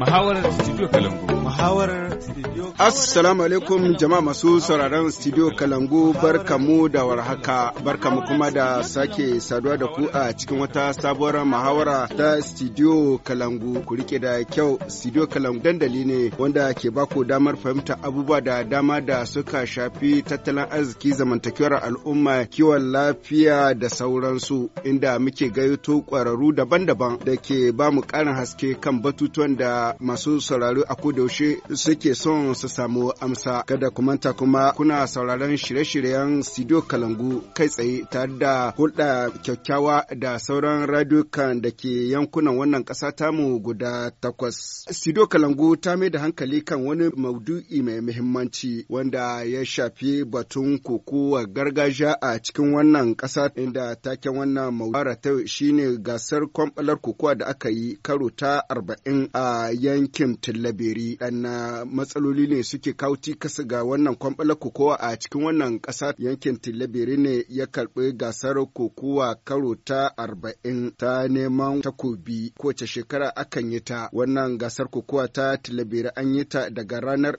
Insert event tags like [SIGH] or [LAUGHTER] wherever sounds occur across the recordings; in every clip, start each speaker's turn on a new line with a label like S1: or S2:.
S1: mahawarar Studio Kalangu.
S2: Assalamu alaikum jama'a masu sauraron studio Kalangu barkamu da warhaka barkamu kuma da sake saduwa da ku a cikin wata sabuwar muhawara ta studio Kalangu ku rike da kyau studio Kalangu dandali ne wanda ke baku damar fahimta abubuwa da dama da suka shafi tattalin arziki zamantakewar al'umma kiwon lafiya da sauransu inda muke gayyato kwararru daban-daban da ke ba mu karin haske kan batutuwan da masu sauraro a kodayaushe suke son su samu amsa kada ku manta kuma kuna sauraron shirye-shiryen Sido Kalangu kai tsaye tare da hulɗa kyakkyawa da sauran radiokan da ke yankunan wannan ƙasa tamu guda takwas. Sido Kalangu ta mai da hankali kan wani maudu'i mai muhimmanci wanda ya shafi batun kokowa gargajiya a cikin wannan ƙasa inda taken wannan maudu'i ta shine gasar kwamɓalar kokowa da aka yi karo ta arba'in a yankin Tillaberi ɗan na matsaloli ne suke kauti kasa ga wannan kwamɓalar kokowa a cikin wannan ƙasa yankin tilabiri ne ya karɓi gasar kokowa karo ta arba'in ta neman takobi kowace shekara akan yi ta wannan gasar kokowa ta tilabiri an yi ta daga ranar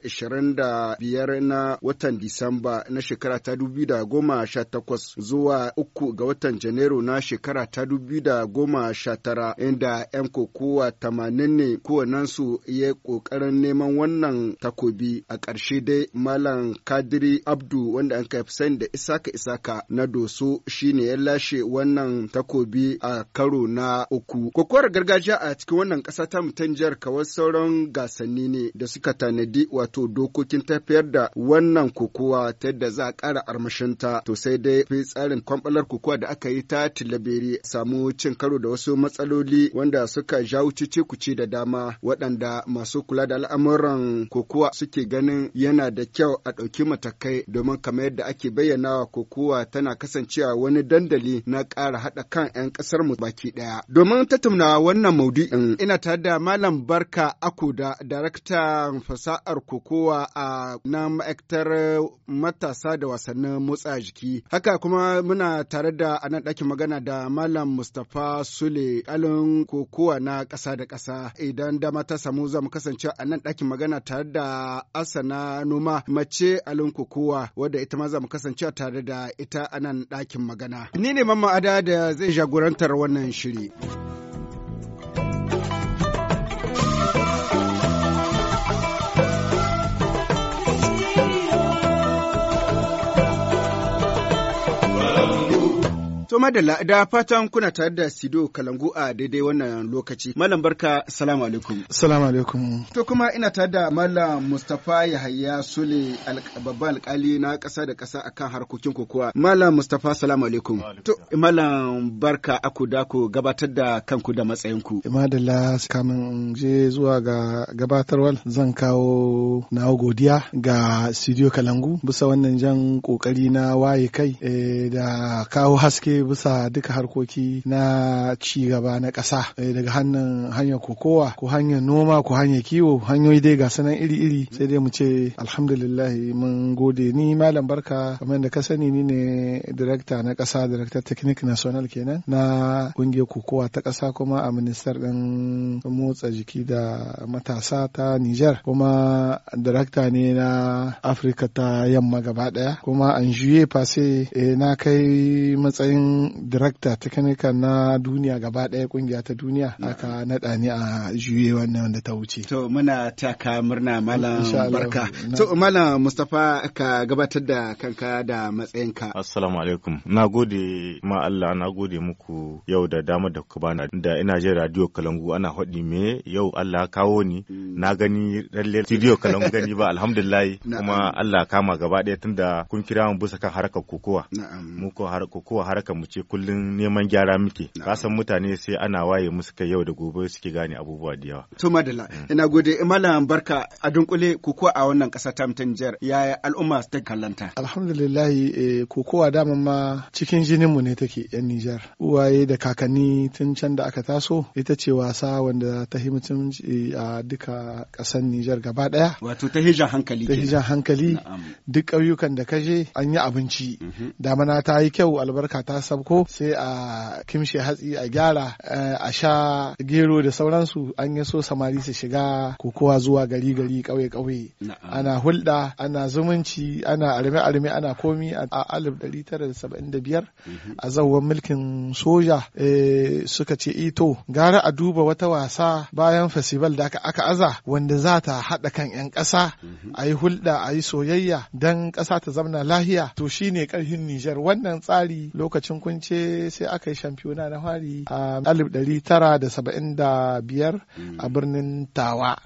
S2: biyar na watan disamba na shekara ta da goma sha takwas zuwa uku ga watan janairu na shekara ta da goma sha tara inda 'yan kokowa tamanin ne kowannensu ya ƙoƙarin neman wannan takobi a ƙarshe dai Malam Kadiri Abdu wanda an kai sani da Isaka Isaka na Doso shine ya lashe wannan takobi a karo na uku. Kokowar gargajiya a cikin wannan ƙasa ta mutan jihar kawar sauran gasanni ne da suka tanadi wato dokokin tafiyar da wannan kokowa ta yadda za a ƙara armashinta to sai dai fi tsarin kwamɓalar kokowa da aka yi ta tilaberi samu cin karo da wasu matsaloli wanda suka jawo cuce da dama waɗanda masu kula da al'amur al'amuran kokuwa suke ganin yana da kyau a ɗauki matakai domin kamar yadda ake bayyanawa kokuwa tana kasancewa wani dandali na ƙara haɗa kan 'yan ƙasar mu baki ɗaya. Domin tattauna wannan maudu'in ina tare da Malam Barka Akuda, daraktan fasahar kokowa a na ma'aikatar matasa da wasannin motsa jiki. Haka kuma muna tare da anan ɗakin magana da Malam Mustapha Sule, alin kokowa na ƙasa da ƙasa. Idan dama ta samu zamu kasance a nan ɗakin magana tare da Asana Noma mace kowa wadda ita ma za mu kasance tare da ita a nan ɗakin magana. Ni ne Mamma Ada da zai jagorantar wannan shiri. To madalla da fatan kuna tare da Sido Kalangu a daidai wannan lokaci. Malam barka salamu alaikum.
S1: Salamu alaikum.
S2: To kuma ina tare da Malam Mustapha Yahaya Sule babban alkali na ƙasa da ƙasa akan harkokin kokowa. Malam Mustapha salamu alaikum. To Malam barka aku da ku gabatar da kanku da matsayinku. Eh,
S1: madalla kamin je zuwa ga gabatarwar zan kawo na godiya ga Sido Kalangu bisa wannan jan kokari na waye kai eh, da kawo haske bisa duka harkoki na ci gaba na ƙasa eh, daga hannun hanyar kokowa ko hanyar noma ko hanyar kiwo hanyoyi dai ga sanan iri-iri sai dai mu ce alhamdulillah mun gode ni malam barka kamar da ka sani ni ne director na ƙasa director technic national kenan na kungiyar kokowa ta ƙasa kuma a ministar ɗin motsa jiki da matasa ta Nijar kuma director ne na Afirka ta yamma gaba ɗaya kuma an juye fase eh, na kai matsayin matsayin ta kanika na duniya gaba ɗaya kungiya ta duniya aka naɗa ni a juye wannan wanda ta wuce to
S2: muna taka murna malam barka to malam mustapha ka gabatar da kanka da matsayinka
S3: assalamu alaikum na gode ma Allah na gode muku yau da damar da kuka bana da ina jin radio kalangu ana faɗi me yau Allah kawo ni mm. na gani lalle radio kalangu gani ba [LAUGHS] alhamdulillah kuma Allah kama gaba ɗaya tunda kun kira mu bisa kan harkar kokowa mu ko harkar kokowa harkar mu ce kullum neman gyara muke kasan mutane sai ana waye musu kai yau da gobe suke gane abubuwa da yawa to madalla
S2: mm. ina gode eh, malam barka a dunkule kokowa a wannan kasa ta mutan jihar yaya al'umma ta kallanta
S1: alhamdulillah eh, kokowa dama ma cikin jinin mu ne take yan Nijar uwaye da kakanni tun can da aka taso ita ce wasa wanda ta mutum eh, a duka kasan Nijar gaba daya wato ta hijan hankali ta hijan hankali duk ƙauyukan da kaje an yi abinci mhm. damana ta yi kyau albarka ta sa sabko sai a kimshe hatsi a gyara eh, a sha gero da sauransu an yi so samari su shiga kokowa zuwa gari gari kawai kawai ana hulɗa ana zumunci ana arme arme ana komi a alif ɗari tara da saba'in da biyar mhm. a zauwan mulkin soja eh, suka ce ito eh, gara a duba wata wasa bayan festival da aka aza wanda za ta haɗa kan 'yan ƙasa mhm. a yi hulɗa a yi soyayya don ƙasa ta zamna lahiya to shine ƙarfin Nijar wannan tsari lokacin kunce sai aka yi shampiyona na fari a 1975 mm. a birnin Tawa.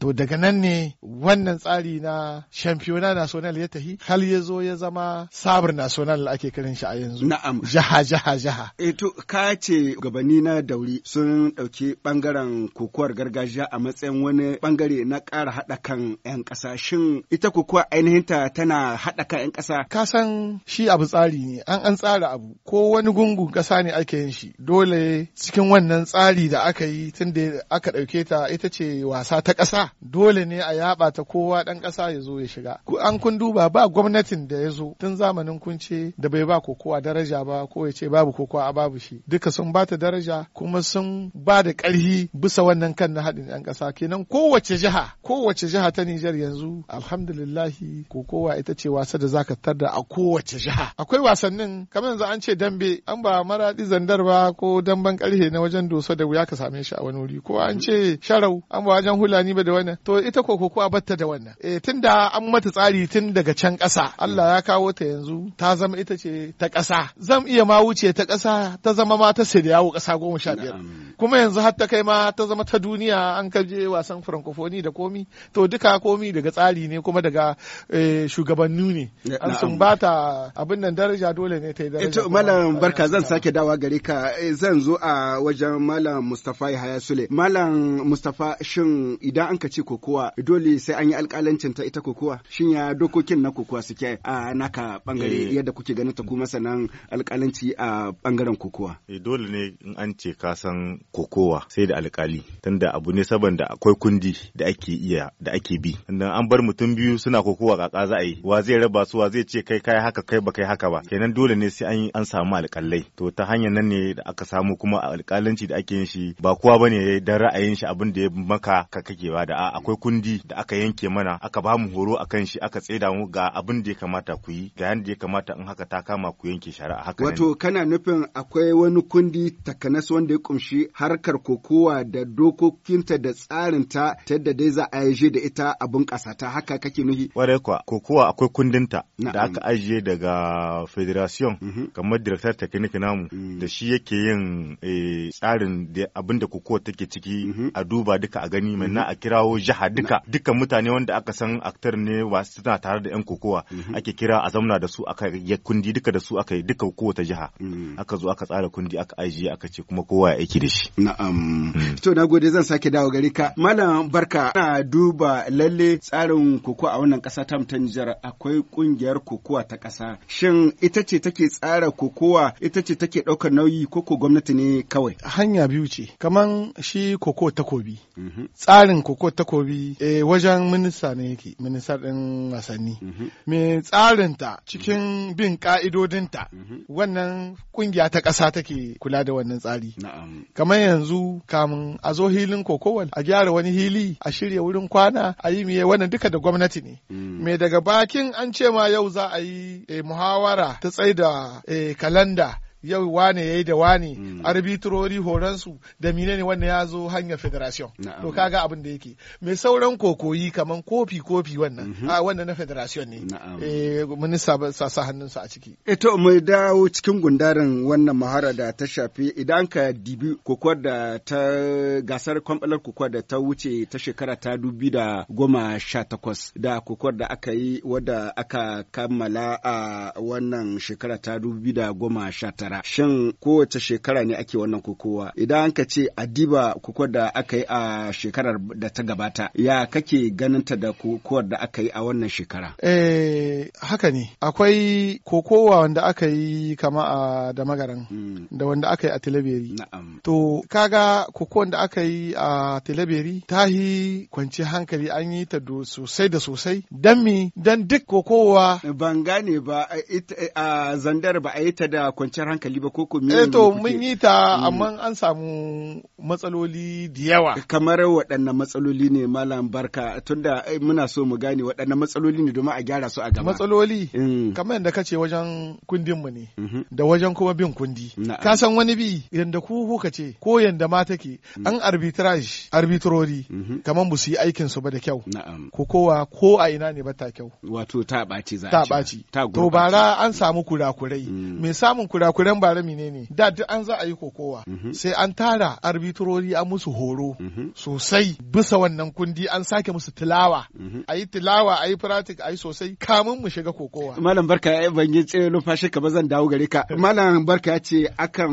S1: To daga nan ne wannan tsari na shampiyona national ya tahi hal ya zo ya zama sabir national ake kiran shi a yanzu. Na'am. Jaha jaha jaha.
S2: E to ka ce gabani na dauri sun ɗauki ɓangaren kokowar gargajiya a matsayin wani bangare na kara haɗakan kan 'yan ƙasa shin ita kokowa ainihinta tana hada kan 'yan ƙasa.
S1: Ka san shi abu tsari ne an an tsara abu ko wani gungun ƙasa ne ake yin shi dole cikin wannan tsari da aka yi tun da aka ɗauke ta ita ce wasa ta ƙasa dole ne a yaɓa ta kowa ɗan ƙasa ya zo ya shiga an kun duba ba gwamnatin da ya zo tun zamanin kunce da bai ba kokowa daraja ba ko ya ce babu kokowa a babu shi duka sun ba ta daraja kuma sun ba da ƙarhi bisa wannan kan na haɗin ɗan ƙasa kenan kowace jiha kowace jiha ta Nijar yanzu alhamdulillahi kokowa ita ce wasa da zaka tarda a kowace jiha akwai wasannin kamar yanzu an ce yake dambe an ba Maradi zandar ba ko damben karfe na wajen doso da wuya ka same shi a wani wuri ko an ce sharau an ba wajen hulani ba da wannan to ita ko ko a batta da wannan eh tunda an mata tsari tun daga can ƙasa Allah ya kawo ta yanzu ta zama ita ce ta ƙasa zan iya ma wuce ta ƙasa ta zama ma ta yawo ƙasa goma sha biyar kuma yanzu har ta kai ma ta zama ta duniya an kaje wasan francophonie da komi to duka komi daga tsari ne kuma daga eh, shugabannu ne an sun bata abin nan daraja dole ne ta yi daraja
S2: Malam Barka zan sake dawa gare ka eh, zan zo a wajen Malam Mustafa Yahaya Sule. Malam Mustafa shin idan an ka ce kokowa dole sai an yi alƙalancin ta ita kokowa shin ya dokokin na kokowa suke a naka bangare eh. yadda kuke ganin ta kuma sanan alƙalanci a bangaren kokowa.
S3: Eh, dole ne in an ce ka san kokowa sai da alƙali tunda abu ne saboda akwai kundi da ake iya da ake bi. an bar mutum biyu suna kokowa kaka za a yi wa zai raba su wa zai ce kai kai haka kai ba kai haka ba kenan dole ne sai an an samu alƙalai to ta hanyar nan ne da aka samu kuma alƙalanci da ake yin shi ba kowa bane dan ra'ayin shi abin da ya maka ka kake ba da akwai kundi da aka yanke mana aka ba mu horo akan shi aka tsaida mu ga abin da ya kamata ku yi ga yanda ya kamata in haka ta kama ku yanke shari'a haka wato
S2: kana nufin akwai wani kundi takanas wanda ya kumshi harkar kokowa da dokokinta da tsarinta ta yadda dai za a yaje da ita a bunƙasa ta haka
S3: kake nuhi kwarai kuwa kokowa akwai kundinta da aka ajiye daga federation mhm. kamar director technique namu mm. da shi yake yin eh, tsarin da abin da kokowa take ciki mm-hmm. a duba duka a gani mai na mm-hmm. a kirawo jiha duka duka mutane wanda aka san aktar ne wasu suna tare da yan kokowa mm-hmm. ake kira a zauna da su aka yi kundi duka da su aka yi duka kowace jiha mm. aka zo aka tsara kundi aka ajiye aka ce kuma kowa ya aiki da shi na'am mm.
S2: to na gode zan sake dawo gari ka malam barka ana duba lalle tsarin kokowa a wannan kasa ta mutan akwai kungiyar kokowa ta kasa shin ita ce take tsara kokowa kokowa ita ce take ɗaukar nauyi ko ko gwamnati ne
S1: kawai? Hanya biyu ce, kaman shi koko takobi. Mhm. Tsarin koko takobi e, wajen minista ne yake, minista ɗin wasanni. Mhm. Me tsarinta cikin bin ƙa'idodinta, mhm. wannan ƙungiya ta ƙasa take kula da wannan tsari. Kamar yanzu kamun a zo hilin kokowa a gyara wani hili, a shirya wurin kwana, a yi miye wannan duka da gwamnati ne. Mm. Me daga bakin an ce ma yau za a yi eh, muhawara ta tsaida eh, kalanda yau wane ya yi da wane mm. arbitrori horonsu da mine ne wanda ya zo hanyar federation to kaga abin da yake mai sauran kokoyi kaman kofi kofi wannan mm-hmm. a ah, wannan na federation ne eh minista sa sa hannunsa a ciki
S2: eh to mu dawo cikin gundarin wannan mahara da ta shafi idan ka dibi kokowar da ta gasar kwamfalar kokowar da ta wuce ta shekara ta dubi da goma sha takwas da kokowar da aka yi wadda aka kammala a wannan shekara ta dubi da goma sha tara shekara shin kowace shekara ne ake wannan kokowa idan an ka ce a diba kokowar da aka yi a shekarar da ta gabata ya kake ganinta da kokowar da aka yi a wannan shekara
S1: eh haka ne akwai kokowa wanda aka yi kama a da magaran mm. da wanda aka yi a tilaberi to kaga kokowar da aka yi a tilaberi ta yi kwanci hankali an yi ta do sosai da sosai dan mi dan duk kokowa ban gane
S2: ba a zandar ba a yi ta da kwanciyar hankali hankali ba ko ko me eh, to mun
S1: yi ta mm. amma an samu matsaloli da yawa eh,
S2: kamar waɗannan matsaloli ne malam barka tunda eh, muna so mu gane waɗannan matsaloli ne domin a gyara su a gaba matsaloli
S1: mm. kamar yadda kace wajen kundin mu ne mm-hmm. da wajen kuma bin kundi ka san wani bi yanda ku kuka ce ko yanda ma take mm. an arbitrage arbitrori mm-hmm. kamar ba su yi aikin su ba da kyau ko kowa ko a ina ne ba ta kyau
S2: wato ta ɓaci za ta ɓaci to
S1: bara an samu kurakurai me samun kurakurai can bara ne. da duk an za a yi kokowa mhm. sai an tara arbitrori a musu horo mhm. sosai bisa wannan kundi an sake musu tilawa mhm. a yi tilawa a yi pratik a yi sosai kamun mu shiga kokowa
S2: malam barka ban yi tsaye numfashi ka bazan dawo gare ka [LAUGHS] malam barka ya ce akan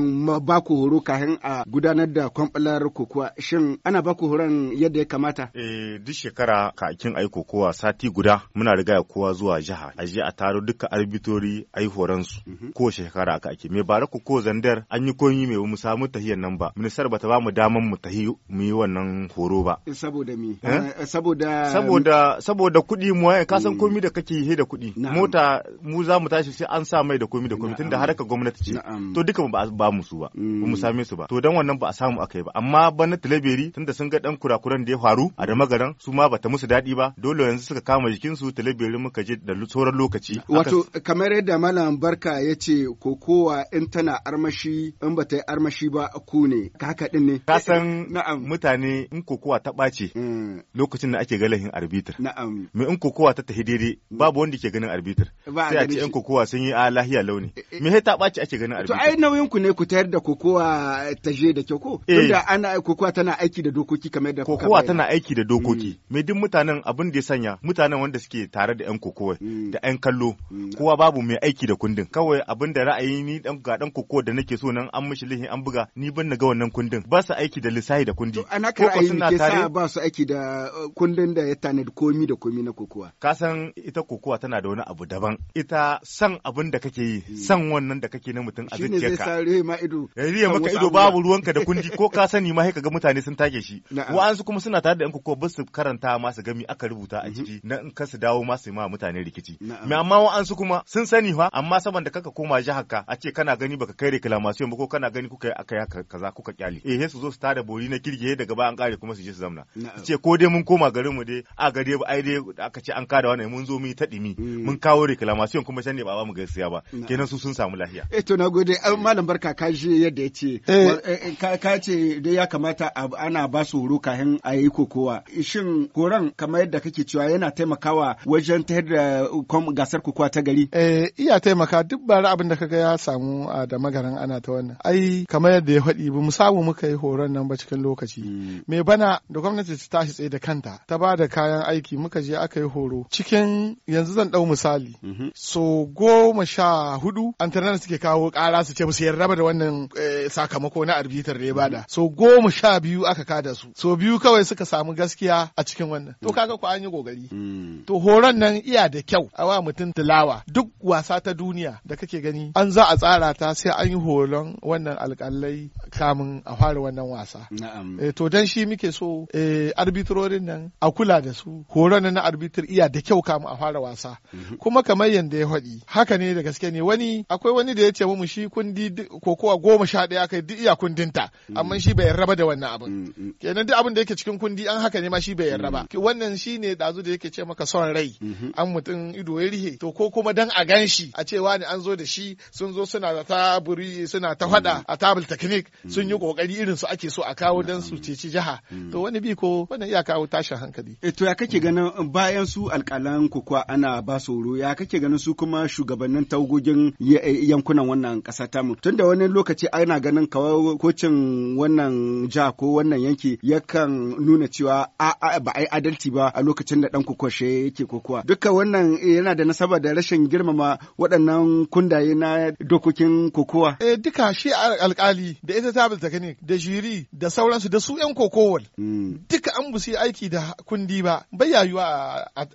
S2: ba ku horo kafin a gudanar da kwamfalar kokowa shin ana ba ku horon yadda ya kamata
S3: eh duk shekara kakin ayi kokowa sati guda muna riga kowa zuwa jiha a je a taro duka arbitori ayi horon su ko shekara ka ake mai ku ko zandar an yi koyi mai mu samu tahiyar nan ba ministar bata ba mu daman mu tahi mu yi wannan horo ba
S2: eh, saboda mi eh? eh, saboda saboda
S3: saboda kuɗi mu ka san mm. komi da kake yi da kuɗi mota mu za mu tashi sai an sa mai da komi da komi tunda harkar gwamnati ce to duka ba ba mu su ba ba mu mm. same su ba to dan wannan ba a samu akai ba amma bana talaberi tunda sun ga dan kurakuran da ya faru a da magaran su ma bata musu daɗi ba dole yanzu suka kama jikin su talaberi muka je da sauran lokaci wato
S2: kamar yadda malam barka ya ce kokowa in tana armashi in ba ta yi armashi ba ku ne haka din ne ka san
S3: na'am mutane in kokowa ta ɓace mm. lokacin da ake galahin arbitr na'am me in kokowa ta tafi daidai babu wanda ke ganin arbitr sai a ce in kokowa sun yi a ah, lahiya launi eh, eh. me sai ta ɓace ake ganin arbitr to ai
S2: nauyin ku ne ku tayar da kokowa
S3: ta je da kyau ko eh. tunda ana kokowa tana aiki da dokoki kamar da kokowa tana aiki da dokoki mm. me duk mutanen abin da ya sanya mutanen wanda suke tare da yan kokowa mm. da yan kallo kowa babu mai aiki da kundin kawai abin da ra'ayi ni dan ga dan koko da nake so nan an mishi lihin an buga ni ban na ga wannan kundin ba su aiki da lissahi da kundi ana ka ra'ayi ne sa ba su aiki da uh, kundin da ya tanadi komi da komi na kokowa ka san ita kokowa tana da wani abu daban ita san abin da kake yi hmm. san wannan da kake na mutum a zuciyarka shine
S2: zai ma ido riya maka ido babu ruwanka da kundi
S3: ko ka sani ma sai kaga mutane sun take shi wa'ansu kuma suna tare da yan kokowa ba su karanta ma su gami aka rubuta a mhm. ciki na in ka su dawo ma su ma mutane rikici amma wa'ansu kuma sun sani fa amma saboda kaka koma jihar ka a ce kana kana gani baka kai reclamation ba ko kana gani kuka yi akai kaza kuka kyale eh su zo su tada bori na kirge daga ba an kare kuma su je su zamna su ce ko dai mun koma garin mu dai a gare ba ai dai aka ce an kada wannan mun zo mu yi dimi hmm. mun kawo reclamation kuma shan ne ba ba mu gaskiya ba kenan su sun samu lafiya
S2: eh to nagode malam barka ka ji yadda yace eh. eh, eh, ka ce dai ya kamata ana ba su horo kafin a yi kokowa shin koran kamar yadda kake cewa yana taimakawa wajen ta da gasar kokowa ta gari eh
S1: iya taimaka duk bara abin da kaga ya samu mu a da magaran ana ta wannan ai kamar yadda ya faɗi ba mu samu muka yi horon nan ba cikin lokaci hmm. me bana da gwamnati ta tashi tsaye da kanta ta ba da kayan aiki muka je aka yi horo cikin yanzu zan ɗau misali mm-hmm. so goma sha hudu antanar suke kawo ƙara su ce musu su yarda da wannan eh, sakamako na arbitar da ya bada mm-hmm. so goma sha biyu aka kada su so biyu kawai suka samu gaskiya a cikin wannan to mm. kaga ku an yi gogari mm. to horon nan iya da kyau a wa mutum tilawa duk wasa ta duniya da kake gani an za a tsara ta sai an yi horon wannan alkalai kamun a fara wannan wasa. Na'am. Eh, to dan shi muke so eh, arbitrorin nan a kula da su horon na arbitr iya da kyau kamun a fara wasa. Mhm. Kuma kamar yadda ya faɗi haka ne da gaske ne wani akwai wani da ya ce mu shi kundi kokowa goma sha ɗaya kai duk iya kundinta mhm. amma shi bai raba da wannan abin. Mm, mm. Kenan duk abin da yake cikin kundi an haka ne ma shi bai raba. Mm. Wannan shi ne ɗazu da yake ce maka son rai mhm. an mutum ido ya rihe to ko kuma dan a gan shi a cewa ne an zo da shi sun zo suna da ta buri suna ta fada mm. a tabul technique sun yi kokari mm. irin su ake so a kawo mm. dan su ceci jiha to wani bi ko wannan iya kawo tashin hankali eh
S2: to ya kake ganin eh, bayan su alƙalan kuwa ana ba horo ya kake ganin su kuma shugabannin taugogin eh, yankunan wannan ƙasa tamu tunda wani lokaci ana ganin kawo kocin wannan ja ko wannan yanki yakan nuna cewa a ba a yi adalci ba a lokacin da dan kukwashe yake kokawa duka wannan eh, yana da nasaba da rashin girmama
S1: waɗannan kundaye na dokokin 'yan kokowa? E duka shi alkali da ita tabul gani da jiri da sauransu da su 'yan kokowal. Hmm. Duka an busi aiki da kundi ba bai yayuwa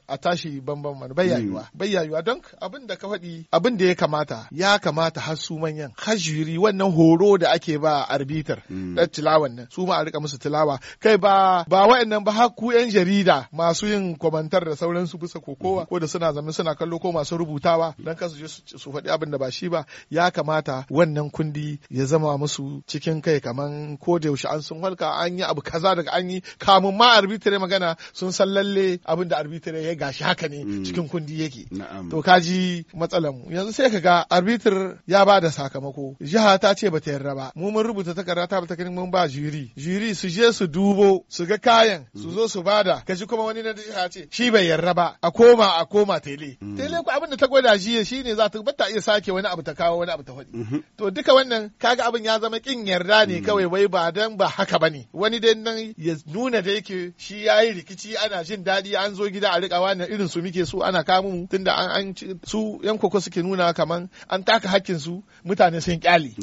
S1: a tashi bambam mana bai hmm. yayuwa bai yayuwa don abin da ka faɗi abin da ya kamata ya kamata har su manyan har jiri wannan horo da ake ba arbitar da hmm. tilawan nan su ma a rika musu tilawa kai ba ba wa'annan ba har ku 'yan jarida masu yin kwamantar da sauransu bisa kokowa ko da suna zama suna kallo ko masu rubutawa don kasu je su faɗi abin da ba shi ba ya kamata kamata wannan kundi ya zama musu cikin kai kaman ko da yaushe an sun halka an yi abu kaza daga an yi kamun ma arbitre magana sun san lalle abin da arbitre ya gashi haka ne mm. cikin kundi yake to kaji matsalar mu yanzu sai ka ga arbitre ya ba da sakamako jiha ta ce bata yarda ba mu mun rubuta takarda ta bata kin mun ba jiri jiri su je su dubo su ga kayan su zo su bada kaji kuma wani na jiha ce shi bai yarda ba a koma a koma tele mm. tele ko abin da ta gwada jiya shine za ta bata iya sake wani abu ta kawo wani abu ta faɗi. Mhm. To duka wannan kaga abin ya zama kin yarda ne mm. kawai wai ba dan ba haka bane. Wani dai nan ya nuna da yake shi ya yi rikici ana jin daɗi an zo gida a riƙa na irin su muke so ana kama mu tunda an an su yan koko suke nuna kaman an taka hakkin su mutane sun kyale.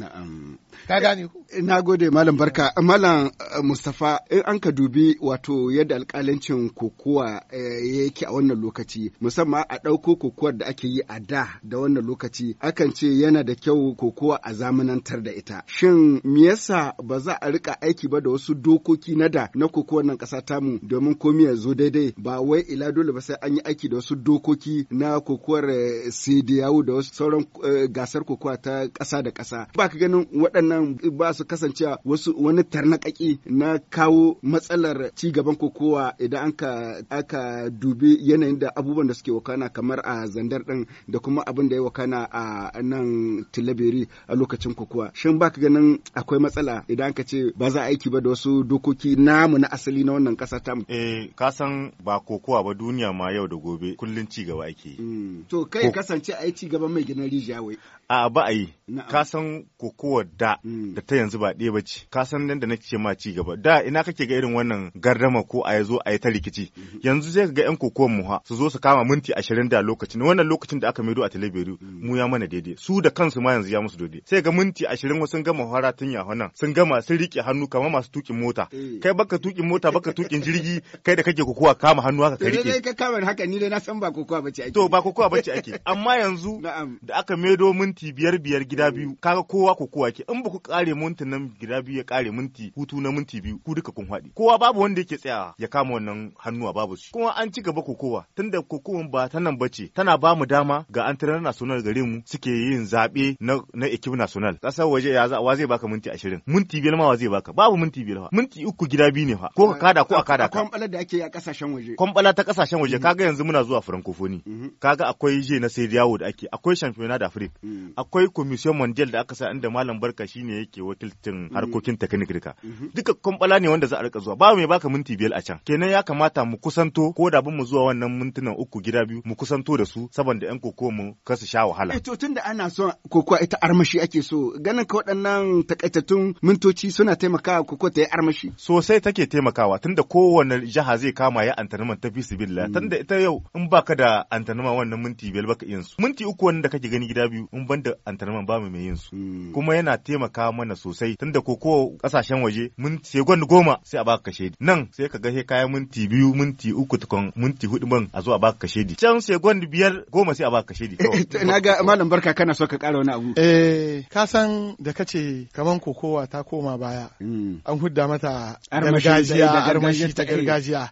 S1: Ka gane ku. Eh, na gode
S2: malam barka malam eh, Mustafa in an ka dubi wato yadda alƙalancin kokowa eh, yake a wannan lokaci musamman a ɗauko kokowar da ake yi a da da wannan lokaci akan ce yana da kyau kyau ko kuwa a zamanantar da ita shin me yasa ba za a rika aiki ba da wasu dokoki na da na kokowa nan ƙasa tamu domin komi ya zo daidai ba wai ila dole ba sai an yi aiki da wasu dokoki na kokowar sidiyawu eh, da wasu sauran eh, gasar kokowa ta ƙasa da ƙasa ba ka ganin waɗannan ba su kasancewa wasu wani tarnaƙaƙi na kawo matsalar ci gaban kokowa idan ka aka dubi yanayin da abubuwan da suke wakana kamar a zandar ɗin da kuma abin da ya wakana a nan laberi a lokacin kokowa shin baka ganin akwai matsala idan ka ce ba za aiki ba da wasu dokoki namu na asali na wannan kasa ta mu eh
S3: ka san ba kokowa ba duniya ma yau da gobe kullun ci gaba ake hmm. to kai kasance ai ci gaba mai gidan rijiya wai a ba a yi ka san kokowa da mm. da ta yanzu ba ɗaya bace ka san nan da nake ma ci gaba da ina kake ga irin wannan gardama ko a yazo a yi ta rikici mm-hmm. yanzu sai ka ga yan kokowa mu ha su zo su kama minti 20 da lokacin wannan lokacin da aka maido a talabiru mm. mu ya mana daidai su da kansu ma yanzu ya musu daidai sai ga minti 20 sun gama fara tun ya wannan sun gama sun rike hannu kamar masu tukin mota eh. kai baka tukin mota baka tukin jirgi kai da kake kokowa kama hannu haka ka rike ka
S2: kama haka ni dai na san ba kokowa bace ake to ba kokowa bace ake
S3: amma yanzu da aka maido minti minti biyar biyar gida biyu kaga kowa ko kowa ke in buku kare minti nan gida biyu ya kare minti hutu na minti biyu ku duka kun haɗi kowa babu wanda yake tsayawa ya kama wannan hannuwa babu shi kuma an ci gaba kokowa tunda kokowan ba ta nan bace tana ba mu dama ga antrenar national gare mu suke yin zaɓe na na equipe national kasar waje ya za wa zai baka minti 20 minti biyar ma wa zai baka babu minti biyar fa minti uku gida biyu ne fa ko ka kada ko a kada ka kwambalar da ake a kasashen waje kwambala ta kasashen waje mhm. kaga yanzu muna zuwa francophonie mhm. kaga akwai je na sai yawo da ake akwai championnat d'afrique mhm. Mm. akwai commission mondial da aka sa inda malam barka shine yake wakiltin. Mm. harkokin technique duka mm-hmm. duka kwambala ne wanda za a rika zuwa ba mai baka minti biyar a can kenan ya kamata mu kusanto ko da bin mu zuwa wannan mintunan uku gida biyu mu kusanto da su saboda yan koko mu kasu sha wahala eh, to tunda ana so kokowa ita armashi ake so ganin ka waɗannan takaitattun mintoci suna taimakawa koko ta yi armashi sosai take taimakawa tunda kowanne jaha zai kama ya antanuma ta fi billa mm. tunda ita yau in baka da antanuma wannan minti biyar baka iya su minti uku wanda kake gani gida biyu in da antarman ba mu mai yin su hmm. kuma yana taimaka mana sosai tunda ko ko kasashen waje mun segon goma sai a baka kashe nan sai ka ga sai kayan minti biyu minti uku tukun minti hudu man a zo a baka di can segon biyar goma sai a baka di. [LAUGHS] na ga malam
S1: barka kana so ka kara wani abu eh ka san da kace kaman kokowa ta koma baya hmm. an hudda mata gargajiya armashi ta gargajiya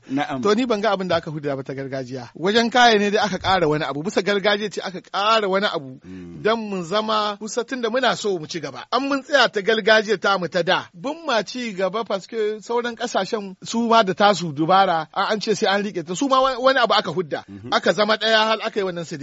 S1: to ni ban ga abin da aka hudda ba ta gargajiya wajen kaya ne dai aka kara wani abu bisa gargajiya ce aka kara wani abu hmm. dan mun zama kusa da muna so mu ci gaba an mun tsaya ta gargajiya ta mu ta da bun ma ci gaba paske sauran kasashen su ma da tasu dubara an ce sai an rike ta su ma wani abu aka hudda mhm. aka zama daya har aka yi wannan su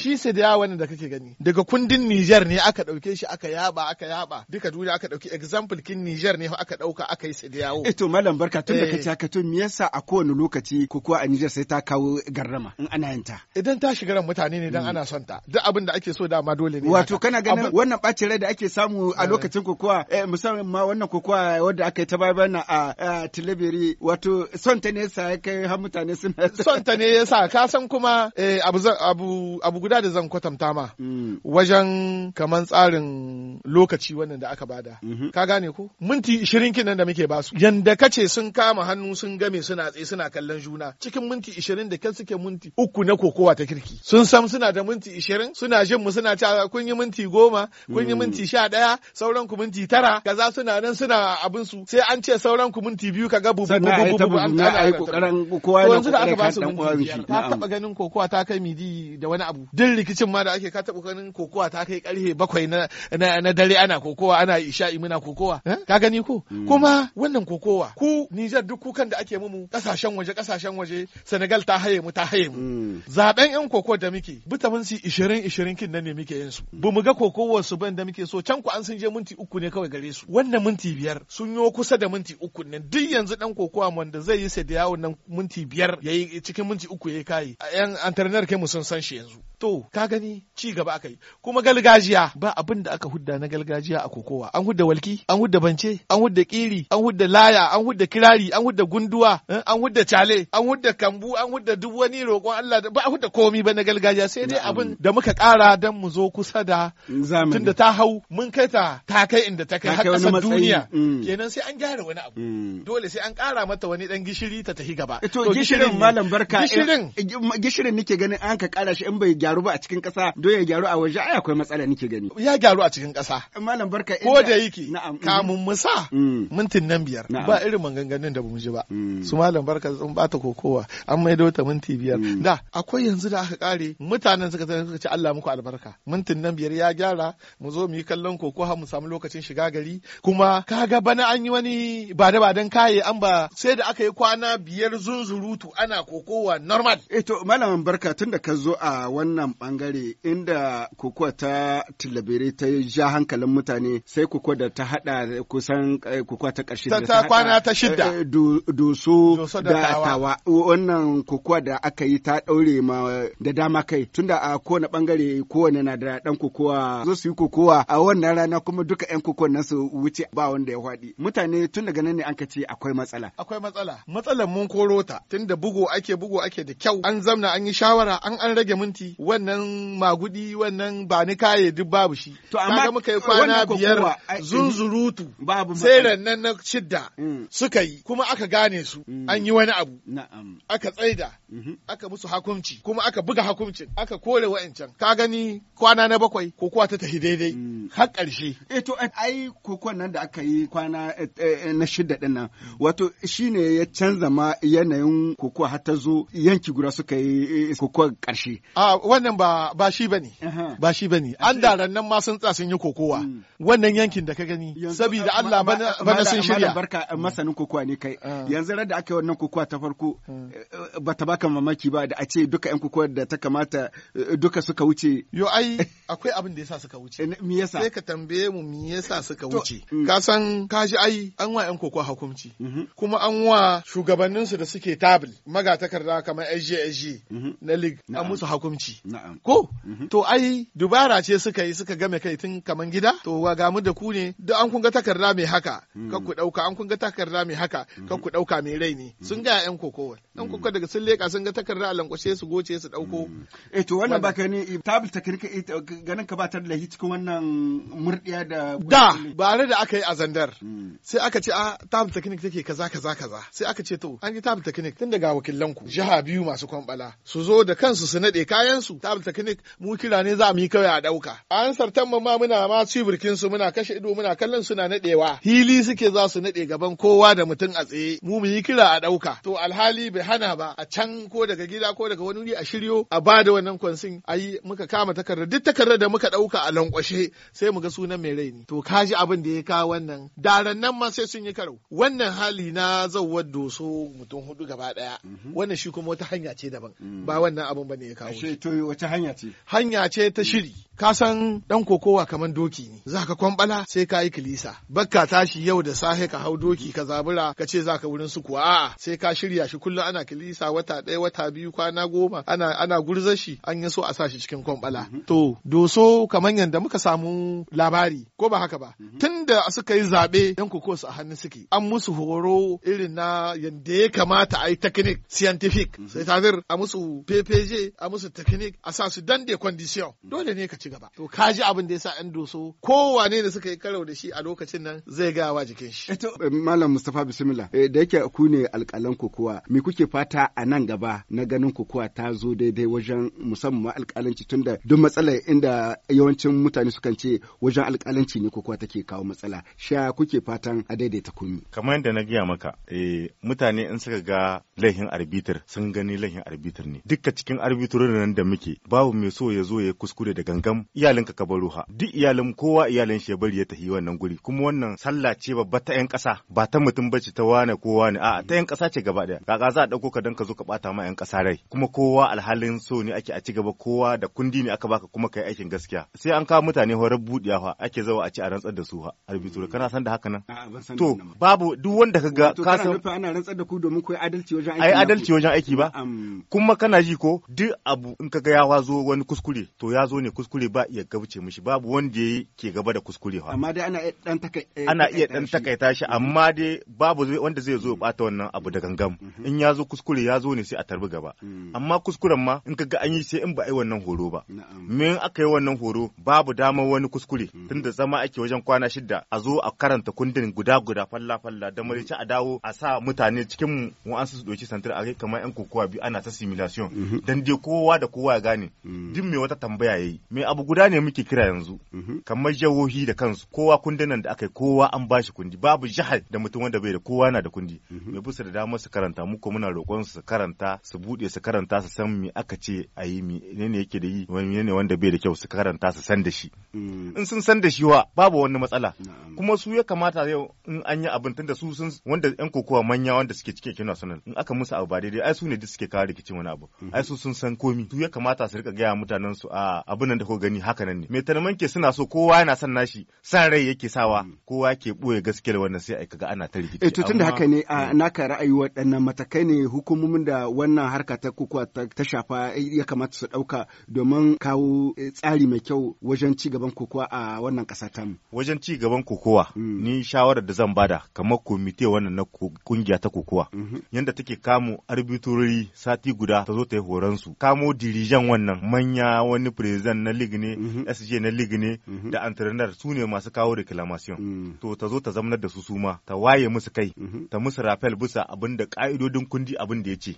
S1: shi su da yawo wannan da kake gani daga kundin Niger ne aka dauke shi aka yaba aka yaba duka duniya aka dauki example kin Niger ne aka dauka aka yi su yawo eh to
S2: malam barka tun da kace eh. haka to me yasa a kowane lokaci ko kuwa a Niger sai ta kawo garrama in ana yin idan ta shiga ran mutane ne dan mm. ana
S1: son ta duk abin da ake so dama dole dole ne wato kana ganin wannan bacin rai da ake samu a eh. lokacin kokowa eh,
S2: musamman ma wannan kokowa wadda aka yi ta baya bana a tilibiri wato son ta ne sa kai har mutane suna
S1: [LAUGHS] son ta ne yasa ka san kuma eh, abu abu guda da zan kwatanta ma mm. wajen kaman tsarin lokaci wannan da aka bada mm-hmm. ka gane ko minti 20 kinan da muke basu yanda kace sun kama hannu sun game suna tsaye suna kallon juna cikin minti 20 da kan suke minti uku na kokowa ta kirki sun san suna da minti 20 suna jin mu suna ta kun yi minti goma kun yi mm. minti sha ɗaya sauran ku minti tara kaza suna nan suna abin su sai an ce sauran ku minti biyu kaga bubu bubu bubu an kana kokarin
S2: kowa ya da aka ba su minti Ka taba
S1: ganin kokowa ta kai midi da wani abu din rikicin ma da ake ka taba ganin kokowa ta kai karhe bakwai na na dare ana kokowa ana isha'i muna kokowa eh, ka gani ko mm. kuma wannan kokowa ku Nijar duk kukan da ake mumu kasashen waje kasashen waje Senegal ta haye mu ta haye mu mm. zaben yan kokowa da muke bitamin si 20 20 kin nan ne muke yin su ba mu ga kokowar su ban da muke so can ku an sun je minti uku ne kawai gare su wannan minti biyar sun yo kusa da minti uku ne duk yanzu dan kokowa wanda zai yi sai da yawon nan minti biyar yayi cikin minti uku yayi kai yan antarnar kai mu sun san shi yanzu to ka gani ci gaba aka yi kuma galgajiya ba abin da aka hudda na galgajiya a kokowa an hudda walki an hudda bance an hudda kiri an hudda laya an hudda kirari an hudda gunduwa eh, an hudda cale an hudda kambu an hudda duk wani roƙon Allah ba a hudda komi ba na galgajiya sai dai abin da muka kara dan mu zo ku kusa da tunda ta hau mun kai ta ta kai inda ta kai har kasar duniya mm. kenan sai an gyara wani abu mm. dole sai an ƙara mata wani dan gishiri ta tafi gaba to gishirin malam barka eh, gishirin
S2: eh, gishirin nake ganin an ka ƙara shi in bai gyaru ba a cikin ƙasa Dole ya gyaru a waje ai akwai matsala nake gani ya gyaru a cikin ƙasa eh, malam barka ko da yake mm. kamun musa
S1: mintin nan biyar ba irin maganganun da bamu ji ba su malam barka sun bata kokowa an maido ta minti biyar da akwai yanzu da aka kare mutanen suka ce Allah muku albarka mun kantin nan biyar ya gyara mu zo mu yi kallon kokowa mu samu lokacin shiga gari kuma kaga bana an yi wani ba da badan kaye an ba sai da aka yi kwana biyar zunzurutu ana kokowa normal
S2: eh to malamin barka tun da ka zo a wannan bangare inda kokowa ta tilabere ta ja hankalin mutane sai kokowa da ta hada kusan eh, kokowa ta karshe da ta kwana ta shidda eh, doso da tawa wannan kokowa da aka yi ta daure ma da dama kai tunda a kowane bangare kowane na da da dan kokowa zo su yi kokowa a wannan rana kuma duka yan kokon nan su wuce ba wanda ya faɗi mutane tun daga nan ne an ka ce akwai matsala
S1: akwai matsala matsalan mun koro ta tunda bugu ake bugu ake da kyau an zamna an yi shawara an an rage minti wannan magudi wannan ba ni kaye duk babu shi to amma muka yi kwana biyar eh, zunzurutu babu sai nan na shidda mm. suka yi kuma aka gane su mm. an yi wani abu aka tsaida mm-hmm. aka musu hakunci kuma aka buga hakuncin aka kore wa'ancan ka gani kwana kwana na bakwai kokowa ta tafi daidai mm. har ƙarshe. E to ai kokowa nan da aka yi kwana eh,
S2: eh, na shida ɗin nan wato shine ya canza ma yanayin kokowa har ta zo yanki guda suka yi kokowa ƙarshe.
S1: A wannan ba ba shi bane ba shi bane an da rannan ma sun tsa sun yi kokowa mm. wannan yankin da ka gani sabida Allah bana sun shirya.
S2: Barka masanin kokowa ne kai ah. yanzu da aka yi wannan kokowa ta farko ah. ba ta baka mamaki ba da a ce duka 'yan kokowa da ta kamata duka suka wuce. Yo ai [LAUGHS]
S1: akwai abin da yasa suka wuce eh, me yasa sai ka tambaye mu me yasa suka wuce mm. ka san ka ji ai an wa yan koko hukunci mm-hmm. kuma an wa shugabannin su da suke maga magatakarda kamar SJSJ mm-hmm. na league an musu hukunci ko mm-hmm. to ai dubara ce suka yi suka game kai tun kaman gida to wa mu da ku ne duk an kun ga takarda mai haka mm. ka ku dauka an kun ga takarda mai haka ka ku dauka mai rai ne sun ga yan koko Dan mm. koko daga sun leka sun ga takarda a lankwashe su goce su dauko eh to wannan ba ka ni tabil takarda ganin ka batar da cikin wannan
S2: murdiya da da
S1: ne da aka yi a zandar hmm. sai aka ce a ah, tam technique take kaza kaza kaza sai aka ce to an yi tam technique tun daga wakilan ku jiha biyu masu kwambala su zo da kansu su nade kayan su tam technique mu kira ne za mu yi kawai a dauka an sartan mu ma muna ma cibirkin su muna kashe ido muna kallon suna nadewa hili suke za su nade gaban kowa da mutum a tsaye mu mu yi kira a dauka to alhali bai hana ba a can ko daga gida ko daga wani wuri a shiryo a bada wannan kwansin ayi muka kama takardar duk takardar da muka ɗauka a lankwashe sai mu ga sunan mai rai ne. To ka ji abin da ya kawo wannan. Daren nan ma sai sun yi karo. Wannan hali na zawar doso mutum hudu gaba ɗaya. Mhm. Wannan shi kuma wata hanya ce daban. Mm. Ba wannan abin ba ne ya kawo. Ashe to wace hanya ce? Hanya ce ta shiri. Ka san ɗan kokowa kamar doki ne. Za ka kwamɓala sai ka yi kilisa. Bakka tashi yau da sahe ka hau doki ka zabura ka ce za ka wurin su kuwa a'a sai ka shirya shi kullum ana kilisa wata ɗaya wata biyu kwana goma ana ana an yi so a sa shi cikin kwamɓala. Mhm. To doso kamar yadda muka samu labari ko ba haka ba mhm. tun da suka yi zaɓe yan kokos a hannun suke an musu horo irin na yadda ya kamata a yi teknik scientific mhm. sai a musu ppj a musu teknik a sa su dande condition mhm. dole ne ka ci gaba to ka ji abin da ya sa yan doso kowane da suka yi karau da shi a lokacin nan zai gaya wa jikin shi eto
S2: eh, malam mustapha bisimila. Eh, da yake ku ne alƙalan kokowa me kuke fata a nan gaba na ganin kokowa ta zo daidai wajen musamman alƙalanci tunda duk matsalar inda yawancin mutane sukan ce wajen alƙalanci ne kokowa take kawo matsala sha kuke fatan a daidaita
S3: komi kamar yadda na gaya maka eh mutane in suka ga laihin arbitar sun gani laihin arbitar ne dukka cikin arbiturorin nan da muke babu mai so ya zo ya kuskure da gangam iyalin ka baro ha duk iyalin kowa iyalin shi ya bari ya tafi wannan guri kuma wannan sallah ce babba ta yan ƙasa ba ta mutum bace ta wane ko wane a'a ta yan ƙasa ce gaba daya kaga za a dauko ka dan ka zo ka bata ma yan ƙasa rai kuma kowa alhalin so ne ake a ci gaba kowa da kundi ne aka baka kuma ka yi aikin gaskiya sai an kawo mutane horar buɗiya fa ake zawa a ci a rantsar da su fa arbitura kana san da haka nan to babu duk wanda ka ga ka san
S2: ana rantsar da ku domin ku yi adalci wajen aiki ai adalci wajen
S3: aiki ba kuma kana ji ko duk abu in ka ga ya zo wani kuskure to ya zo ne kuskure ba iya gabace mishi babu wanda ya ke gaba da kuskure fa amma dai ana dan eh, taka ana iya dan takaita shi amma dai babu wanda zai zo ya bata mm. wannan abu da gangam mm-hmm. in ya zo kuskure ya zo ne sai a tarbi gaba mm. amma kuskuren ma in ka ga an yi sai in ba ai yi wannan horo ba min aka yi wannan horo babu damar wani kuskure mm-hmm. tunda zama ake wajen kwana shida a zo a karanta kundin guda guda falla falla da marici a dawo a sa mutane cikin mu an su doki santar a kai kamar yan kokowa biyu ana ta simulation mm-hmm. dan dai kowa da kowa ya gane mm-hmm. duk me wata tambaya yayi me abu guda ne muke kira yanzu kamar jahohi da kansu kowa kundinan da aka yi kowa an bashi kundi babu jihar da mutum wanda bai da kowa na da kundi me bisa da damar su karanta mu ko muna roƙon su karanta su bude su karanta su san me aka ce a yi ne yake da yi wani ne wanda bai da kyau su karanta su san da shi mm. in sun san da shi wa babu wani matsala kuma su ya kamata yau in an yi abin tunda su sun wanda yan kokowa manya wanda suke cike kino sanar in aka musu abu ba daidai ai su ne duk suke kawo rikicin wani abu mm-hmm. ai su sun san komi su ya kamata su rika gaya mutanen su a ah, abin nan da ko gani haka nan ne mai tarman ke suna so kowa yana son nashi san rai yake sawa mm. kowa ke boye gaskiyar wannan sai ai kaga ana ta rikici eh to tunda haka ne
S2: a mm. naka ra'ayi waɗannan matakai ne hukumomin da wannan harka ta kokowa ta shafa eh, ya kamata su ɗauka domin kawo Eh, tsari mai kyau wajen ci gaban kokowa a wannan ƙasa mu.
S3: Wajen ci gaban kokowa mm. ni shawarar da zan bada kamar komite wannan na kungiya ta kokowa. yadda mm-hmm. Yanda take kamo arbitrori sati guda ta zo ta yi horon su. Kamo dirijan wannan manya wani president na lig ne, mm-hmm. SJ na lig ne mm-hmm. da entrepreneur su ne masu kawo reclamation. Mm. To ta zo ta zamanar da su suma ta waye musu kai ta musu rafel bisa abin da ka'idodin kundi abin da ya ce.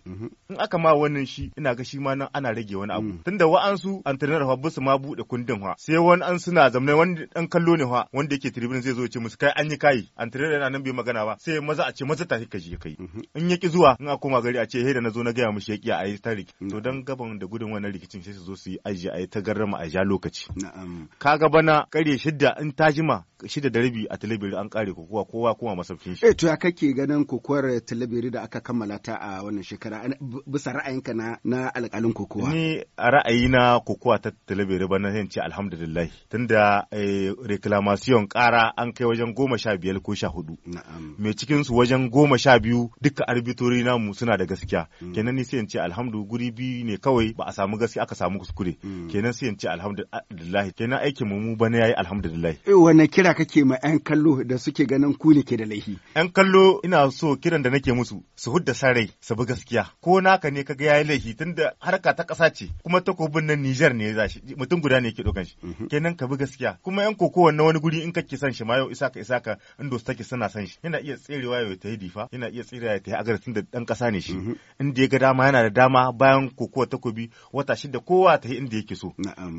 S3: In aka ma wannan shi ina ga shi ma nan ana rage wani abu. Mm. Tunda wa'ansu entrepreneur fa su ma buɗe kundin ha sai wani an suna zamne wani dan kallo ne ha wanda yake tribune zai zo ya ce musu kai an yi kai an tare da nan bai magana ba sai maza a ce maza tafi ka je kai mhm. in yaki zuwa in a koma gari a ce he da na zo na gaya mu yaki a yi ta to dan gaban da gudun wannan rikicin sai su zo su yi aji a yi ta garrama a ja lokaci kaga bana kare shidda in ta jima shida da rabi a talabiri an kare kokowa kowa kuma masaukin shi
S2: eh to ya kake ganin kokowar talabiri da aka kammala ta a wannan shekara bisa ra'ayinka
S3: na na alƙalin kokowa ni a ra'ayina kokowa ta talabiri na bere ba na zan ce alhamdulillah tunda eh, reclamation kara an kai wajen goma sha biyar ko sha hudu mai cikin su wajen goma sha biyu duka arbitori namu suna da gaskiya mm. kenan ni sai in ce alhamdu guri biyu ne kawai ba a samu gaskiya aka samu kuskure mm. kenan sai in ce alhamdulillah kenan aikin mu na yayi alhamdulillah
S2: eh, wani kira kake ma yan kallo da suke ganin ku ne
S3: ke da laifi yan kallo ina so kiran da nake musu su hudda sarai su bi gaskiya ko naka ne kaga yayi laifi tunda harka ta kasa ce kuma takobin nan Niger ne ya zashi mutum guda ne ke ɗaukan shi mhm. kenan ka bi gaskiya kuma yan kokowa na wani guri in kake son shi ma yau isa ka isa ka in dosta take suna son shi yana iya tserewa ya ta yi difa yana iya tserewa ya ta yi agar da dan kasa ne shi mhm. da ya ga dama yana da dama bayan kokowa takobi wata shida kowa ta yi inda yake so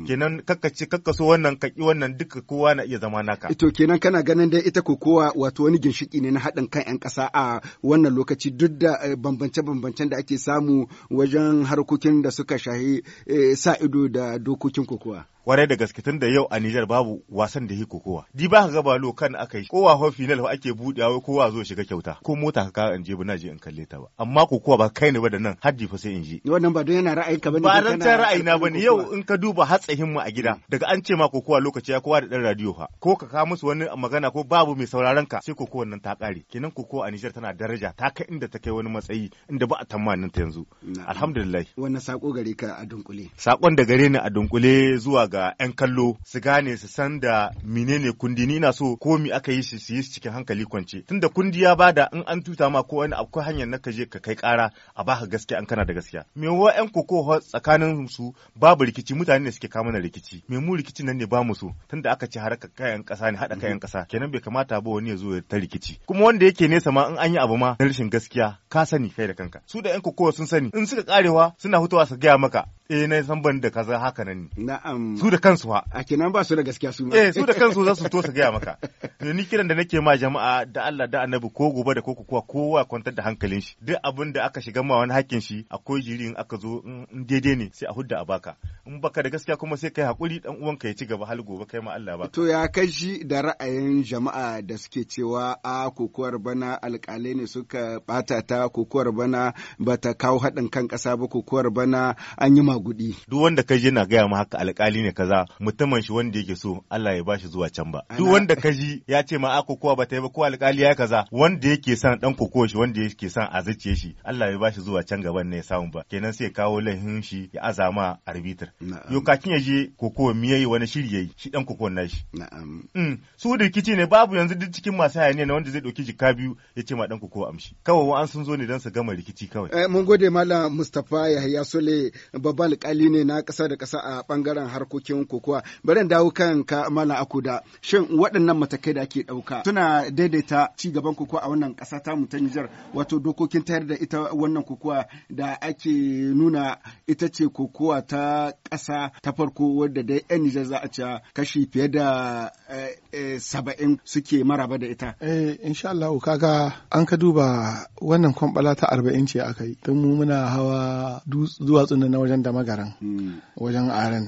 S3: kenan kakkace kakkaso wannan kaki wannan duka kowa na iya zama naka ito kenan kana ganin dai ita kokowa wato wani ginshiki ne na haɗin
S2: kan yan ƙasa a wannan lokaci duk da eh, bambance-bambancen da ake samu wajen
S3: harkokin da suka shahi eh, sa ido da dokokin Cocoa. kwarai da gaske tun da yau a Nijar babu wasan da yi kokowa. Di ba ka gaba kan aka yi kowa ho final ake buɗewa wai kowa zo shiga kyauta ko mota ka in je na je in kalle ta ba amma kokowa ba kai ne ba da nan haddi fa sai in je. Wannan ba don yana ra'ayi ka bane ba dan ta ra'ayi na bane yau in ka duba hatsahin mu a gida mm. daga an ce ma kokowa lokaci ya kowa da dan radio fa ko ka kawo musu wani magana ko babu mai sauraron ka sai kokowa nan ta kare kenan kokowa a Nijar tana daraja ta kai inda ta kai wani matsayi inda ba a tamanin ta yanzu. Alhamdulillah. Wannan sako gare ka a dunkule. Sakon da gare ni a dunkule zuwa ga ga 'yan kallo su gane su san da menene kundi ni na so ko mi aka yi shi su yi cikin hankali kwance tunda kundi ya bada in an tuta ma ko wani akwai hanyar na ka je ka kai kara a baka gaskiya an kana da gaskiya me wa 'yan koko tsakanin su babu rikici mutane ne suke kama na rikici me mu rikici nan ne ba mu so tunda aka ce haraka kayan kasa ne hada kayan kasa kenan bai kamata ba wani ya zo ta rikici kuma wanda yake nesa ma in an yi abu ma na rashin gaskiya ka sani kai da kanka su da 'yan koko sun sani in suka karewa suna hutawa su gaya maka eh na san ban da kaza haka nan ne
S2: na'am su da kansu
S3: ha a kenan ba su da gaskiya su ma eh su da kansu za su to su gaya maka to ni kiran da nake ma jama'a da Allah da Annabi ko gobe da koko kuwa kowa kwantar da hankalin shi duk abin da aka shiga ma wani hakkin shi akwai jiri in aka zo in daidai ne sai a hudda a baka in baka da gaskiya kuma sai kai hakuri dan ka ya ci gaba hal gobe kai ma Allah ba
S2: to ya kai shi da ra'ayin jama'a da suke cewa a kokowar bana alƙalai ne suka bata ta kokowar bana bata kawo haɗin kan ƙasa ba kokowar
S3: bana an yi magudi duk wanda ka je na gaya ma haka alkali ne kaza mutumin shi wanda yake so Allah ya bashi zuwa can ba duk wanda ka ji ya ce ma ako kowa ba ta yi ba ko alkali ya kaza wanda yake son dan koko shi wanda yake son a zace shi Allah ya bashi zuwa can gaban ne ya samu ba kenan sai kawo lahin shi ya azama arbitr yo kakin ya je koko mi yayi wani shiri yayi shi dan koko na shi na'am mm. su rikici ne babu yanzu duk cikin masu ne na wanda zai dauki jika biyu ya ce ma dan koko amshi kawai an sun zo ne dan su gama rikici kawai
S2: eh, mun gode malam Mustapha Yahya Sule babban alƙali ne na ƙasa da ƙasa a ɓangaren harkokin kokowa. Bari in dawo kan ka mala da Shin waɗannan matakai da ake ɗauka suna daidaita ci gaban kokowa a wannan ƙasa ta mu ta Nijar wato dokokin tayar da ita wannan kokowa da ake nuna ita ce kokowa ta ƙasa ta farko wadda dai 'yan Nijar za a ci kashi fiye da eh, eh, saba'in suke maraba da ita.
S1: Eh, insha Allah kaga an ka duba wannan kwamɓala ta arba'in ce aka yi. Tun mu muna hawa duwatsun na wajen da magaran hmm. wajen aran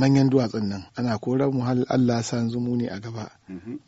S1: manyan duwatsun nan ana koran mu Allah san zumu ne a gaba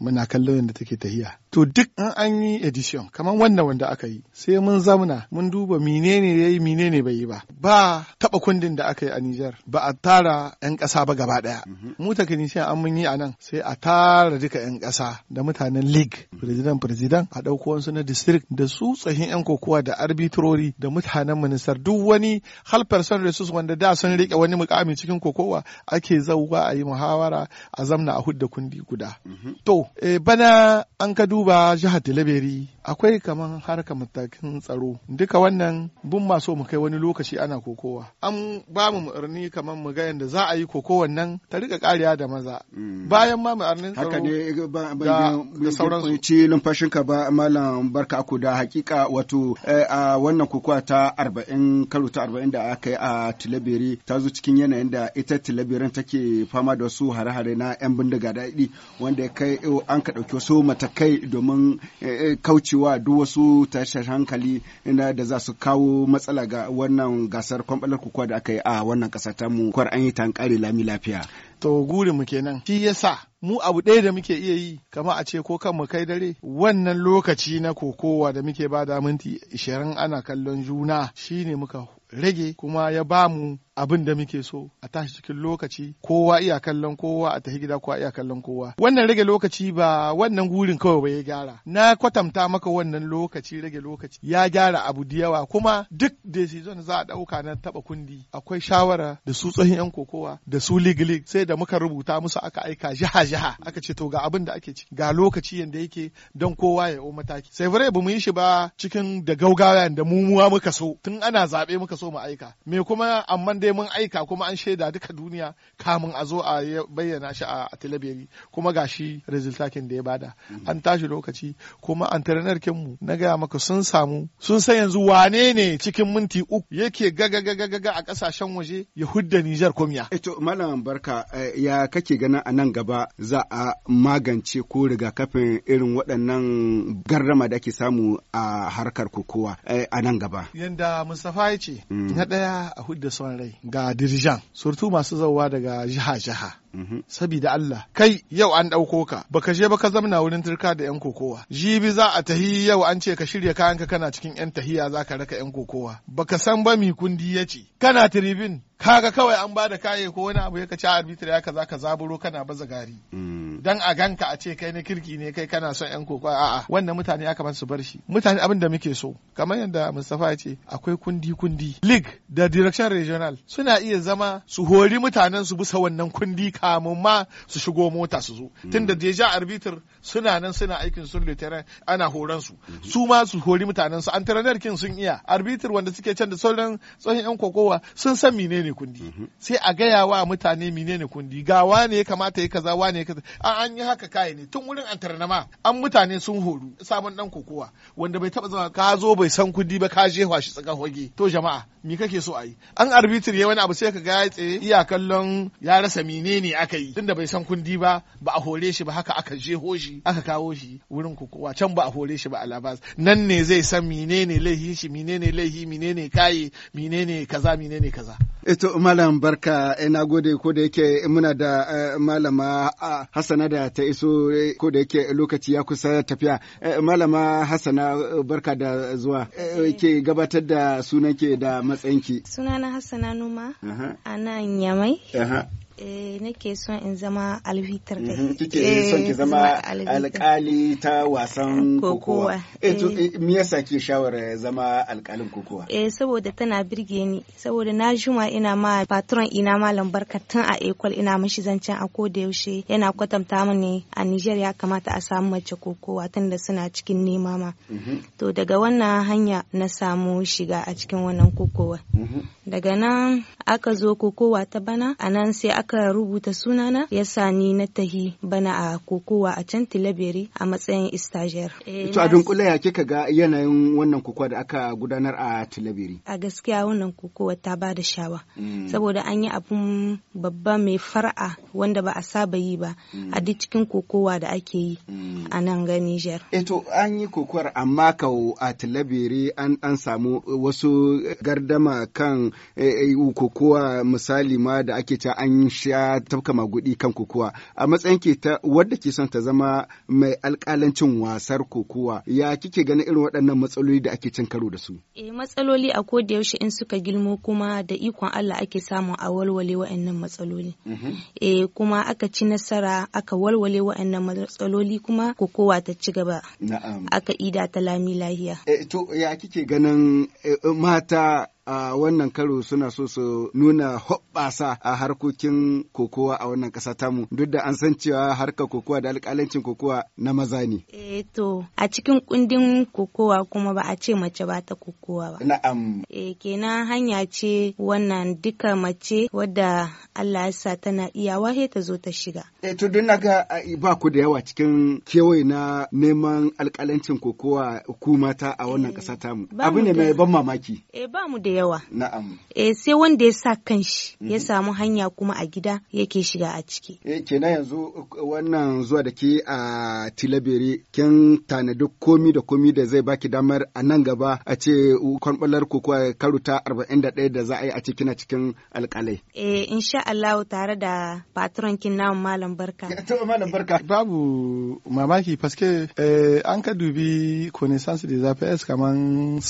S1: muna kallon yadda take tahiya to duk in an yi edition kamar wannan wanda aka yi sai mun zamuna mun duba menene yi menene bai yi ba ba taba kundin da aka yi a Nijar ba a tara yan ƙasa ba gaba daya mu technician an mun yi a nan sai a tara duka yan ƙasa da mutanen league president president a ɗauko wasu na district da su tsahin yan kokowa da arbitrori da mutanen minister duk wani hal son resource wanda da sun rike wani mukami cikin kokowa ake zauwa a yi muhawara a zamna a hudda kundi guda Mm-hmm. To, eh, bana an ka duba jihar Talabiri akwai kaman harka matakin tsaro duka wannan bun maso mu kai wani lokaci ana kokowa an ba mu mu'arni kaman mu ga za a yi kokowan nan ta rika kariya da maza mm. bayan ma mu'arnin tsaro haka ne eh, da sauran su
S2: ci lumfashin ka ba malam barka da hakika wato eh, a wannan kokowa ta arba'in karo ta arba'in da aka yi a Tilabiri ta zo cikin yanayin da ita Tilabirin take fama da su hare-hare na yan bindiga daɗi wanda ya kai eh, an ka ɗauki wasu matakai domin eh, eh, kaucewa duk wasu tashar hankali da za su kawo matsala ga wannan gasar kwamfalar
S1: kukuwa da aka yi a wannan ƙasa ta mu kwar an yi ta kare lami lafiya. To guri mu kenan shi yasa mu abu ɗaya da muke iya yi kama a ce ko kan mu kai dare wannan lokaci na kokowa da muke ba da minti ishirin ana kallon juna shine muka rage kuma ya bamu abin da muke so a tashi cikin lokaci kowa iya kallon kowa a tafi gida kowa iya kallon kowa wannan rage lokaci ba wannan gurin kawai ba ya gyara na kwatanta maka wannan lokaci rage lokaci ya gyara abu da yawa kuma duk decision za a dauka na taba kundi akwai shawara da su tsohon yan kokowa da su league league sai da muka rubuta musu aka aika jiha jiha aka ce to ga abin da ake ci ga lokaci yanda yake don kowa ya o mataki sai bare ba mu yi shi ba cikin da gaugawa da mumuwa muka so tun ana zabe muka so mu aika me kuma amman dai dai mun aika kuma an shaida duka duniya kamun a zo a bayyana shi a talabiri kuma ga shi resultakin da ya bada mhm. an tashi lokaci kuma antrenar kinmu na gaya maka sun samu sun san yanzu wane ne cikin minti uku yake gaga gaga gaga a kasashen waje ya hudda Nijar komiya.
S2: Eto eh malam barka eh, ya kake ganin a nan gaba za a magance ko rigakafin irin waɗannan garrama da ake samu a harkar kokowa eh, a nan gaba.
S1: Yanda Mustapha ya ce mm. na ɗaya a hudda son rai ga dirijan surutu masu zauwa daga jiha-jiha Mhm. sabida Allah kai yau an ɗauko ka baka je ba ka zamna wurin turka da yan kokowa jibi za a tahi yau an ce ka shirya kayanka kana cikin yan tahiya za ka raka yan kokowa baka san ba mi kundi ya ce kana tribin kaga kawai an bada kaye ko wani abu ya ci arbitra ya kaza ka zaburo kana baza gari mm. dan a ganka a ce kai na kirki ne kai kana son yan kokowa a'a wannan mutane ya kamata su bar shi mutane abin da muke so kamar yadda Mustafa ya ce akwai kundi kundi league da direction regional suna iya zama su hori mutanen su bisa wannan kundi ka amumma su shigo mota su zo tunda mm. da ja arbitr suna nan suna aikin sun lieutenant ana horan su mm-hmm. su ma su hori mutanen su antrenar kin sun iya arbitr wanda suke can da sauran tsohon yan kokowa sun san menene kundi mm-hmm. sai a gaya wa mutane menene kundi ga wane ya kamata ya kaza wane ya kaza an yi haka kai ne tun wurin ma an mutane sun horu sabon dan kokowa wanda bai taba zama ka zo bai san kundi ba ka je shi tsaka hoge to jama'a me kake so ayi an arbitr ya wani abu sai ka ga ya tsaye iya kallon ya rasa menene ne aka yi tunda bai san kundi ba ba a hore shi ba haka aka je shi aka kawo shi wurin kokowa can ba a hore shi ba a nan ne zai san menene laifin shi menene laihi menene kaye menene kaza menene kaza
S2: eto Malam Barka Ina eh, gode ko da yake muna da eh, Malama hasana ah, Hassana da ta iso eh, ko da yake lokaci ya kusa tafiya. malama Hassana Barka da zuwa ke gabatar da sunan ke da matsayinki.
S4: Sunana Hassana Numa a nan Yamai. eh nake son in zama alfitar da
S2: mhm, kike eh, son ki zama alkali ta wasan kokowa eh to eh. me yasa k'i shawara zama alkalin kokowa
S4: eh saboda tana birge ni saboda na juma ina ma patron ina malam barka tun a ekol ina mishi zancen a ko da yaushe yana kwatanta ne a Nigeria ya kamata a samu mace kokowa tunda suna cikin nema ma mhm. to daga wannan hanya na samu shiga a cikin wannan kokowa mhm. daga nan aka zo kokowa ta bana anan sai aka rubuta sunana ya ni na tahi bana a kokowa a can tilabiri a matsayin istajiyar. Eh, to a dunkule
S2: ya kika ga yanayin wannan kokowa da aka gudanar a tilabiri
S4: A gaskiya wannan kokowa ta ba da shawa.
S2: Mm. Saboda
S4: an yi abun babba mai far'a wanda ba a saba yi ba mm. a duk cikin kokowa da ake yi mm. a nan ga Nijar.
S2: Eto eh, an yi kokowar amma kau a tilabiri an samu wasu gardama kan eh, kokowa misali ma da ake ta an ya tafka magudi kan kokowa a matsayin ke ta wadda ke son ta zama mai alkalancin wasar kokowa ya kike ganin irin waɗannan matsaloli da ake cin karo da su
S4: eh matsaloli a koda yaushe in suka gilmo kuma da ikon Allah ake samun a walwale waɗannan matsaloli mm-hmm. eh kuma aka ci nasara aka walwale waɗannan matsaloli kuma kokowa ta ci gaba na'am aka ida ta lami lahiya
S2: eh to ya kike ganin eh, mata a wannan karo suna so su nuna hoɓɓasa a harkokin kokowa a wannan ƙasa tamu duk da an san cewa harkar kokowa da alƙalancin kokowa na maza ne.
S4: Eh to a cikin kundin kokowa kuma ba a ce mace ba ta kokowa ba. Na'am. Eh kenan hanya ce wannan duka mace wadda Allah ya sa tana iyawa sai ta zo ta shiga. Eh to don
S2: naga eh, ba ku da yawa cikin kewaye na neman alƙalancin kokowa ku mata a wannan eh, ƙasa tamu. Abu ne mai ban mamaki.
S4: Eh ba mu da yawa na'am E, sai wanda ya sa kanshi ya mhm. samu hanya kuma a gida yake shiga a ciki E,
S2: eh, kenan yanzu wannan zuwa da ke a tilabere kin tanadi komi da komi da zai baki damar a nan gaba a ce kwanbalar ku ta 41 da za a yi a cikin
S1: cikin alkalai
S4: eh insha Allah tare da patron kin na malam barka
S1: [LAUGHS] malam barka babu mamaki paske eh, an ka dubi connaissance da zafi kaman